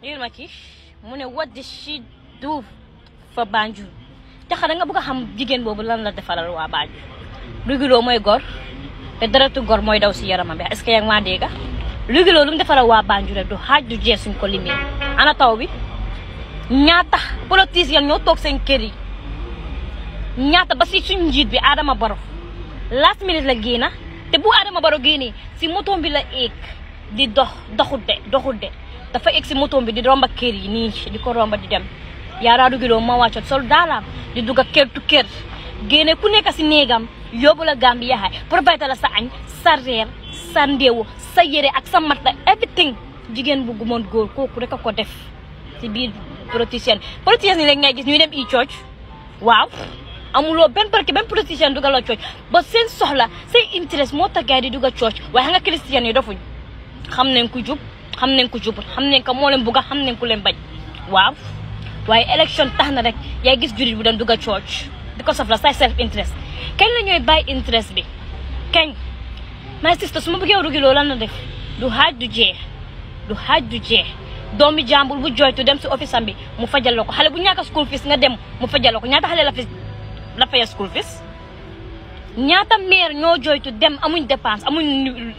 Yirmakish mu What did she do for Banjul taxa da nga buka ham xam jigéen boobu lan la defalal waa Banjul Lugilo mooy gor te deretu gor mooy daw si yaramam bi est-ce que yaa ngi maa dégg defalal waa Banjul rek du xaaj du jeex suñ ko limee ana taw bi ñaata politiciens ñoo toog seen kër yi ñaata ba si suñ bi Adama last minute la génna te bu Adama Barrow génnee si motom bi la di dox doxul de doxul de dafa egg si motoom bi di romba ak yi ni di ko romba di dem yaaraadu ma waccot sol di duga tu kër gene ku nek ci negam yóbbu la gambi yaxaay pour bayta la sa añ sa reer sa ndew sa yere ak sa matta everything jigen bu gumon kureka kooku rek ko def ci biir politicien politicien ni rek ngay gis ñuy dem i cooc wow, amuloo ben barke benn politicien lo cooc ba sen soxla sen interest mo tax gars di duga cooc way nga christian yi dofuñ xam nañ ku jub xam nañ ku jubut xam nañ ko moo leen bugg a xam nañ ku leen bañ waaw waaye élection tax na rek yaay gis jullit bi doon dugg a church because of la say self interest kañ la ñooy bàyyi interest bi kañ my sister su ma bëggee rugi loolu lan na def du xaaj du jeex du xaaj du jeex doomi jàmbur bu jooytu dem si office am bi mu fajal la ko xale bu ñàkk school fees nga dem mu fajal la ko ñaata xale la fi la school fees ñaata meer ñoo jooytu dem amuñ dépense amuñ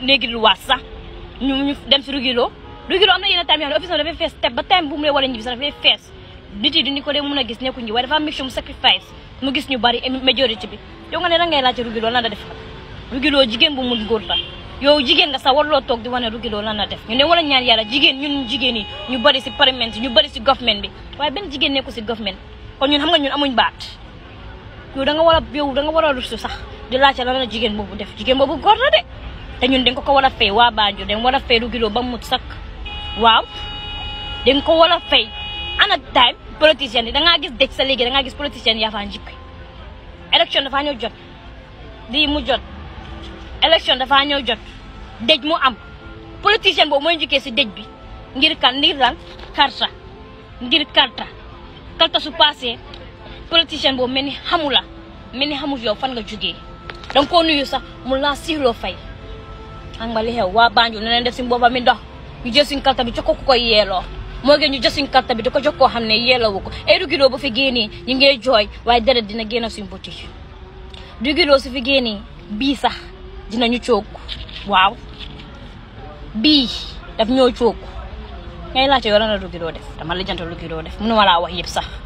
néegi lu waas sax ñu dem rugilo rugilo am na yenn office dafay fees te ba time bu mu lay war a ñibbi sax dafay nit yi duñu ko dee mën gis dafa mission sacrifice mu gis ñu bari majorité bi yow nga ne ngay rugilo lan la def rugilo jigen bu mun yo la yow jigéen nga sax warloo toog di lan def ñu ne wala ñaan yàlla jigéen ñun jigéen yi ñu bari si parlement ñu bari si government bi waaye ben jigéen nekku si government kon ñun xam nga ñun amuñ baat yow da nga war yow da nga war rusu sax di lan la def jigen boobu góor de te ñun dañ ko ko war a fay waa Banjul dañ war a fay Rugi Lo ba mu sakk waaw dañ ko war a fay ana time politicien yi da ngaa gis dëj sa léegi da ngaa gis politicien yaa faa njikki élection dafaa ñëw jot lii mu jot élection dafaa ñëw jot dëj mu am politicien boobu mooy njëkkee si dëj bi ngir kan ngir lan karta ngir karta karta su passé politicien boobu mel ni xamula mel ni xamul yow fan nga jógee danga koo nuyu sax mu laa siiloo fay xam nga li xew waa Banjul na leen def suñ booba mi dox ñu jël suñ kalta bi jox ko ku koy yeeloo moo gën ñu jël suñ kalta bi e di ko jox koo xam ne yeeloowu ko ay bu fi génnee ñu ngay jooy waaye deret dina génn suñ buti dugidoo su fi génnee bii sax ñu coog waaw bii daf ñoo coog ngay laajte yow lan la dugidoo def dama lijjante lu dugidoo def mënuma laa wax yëpp sax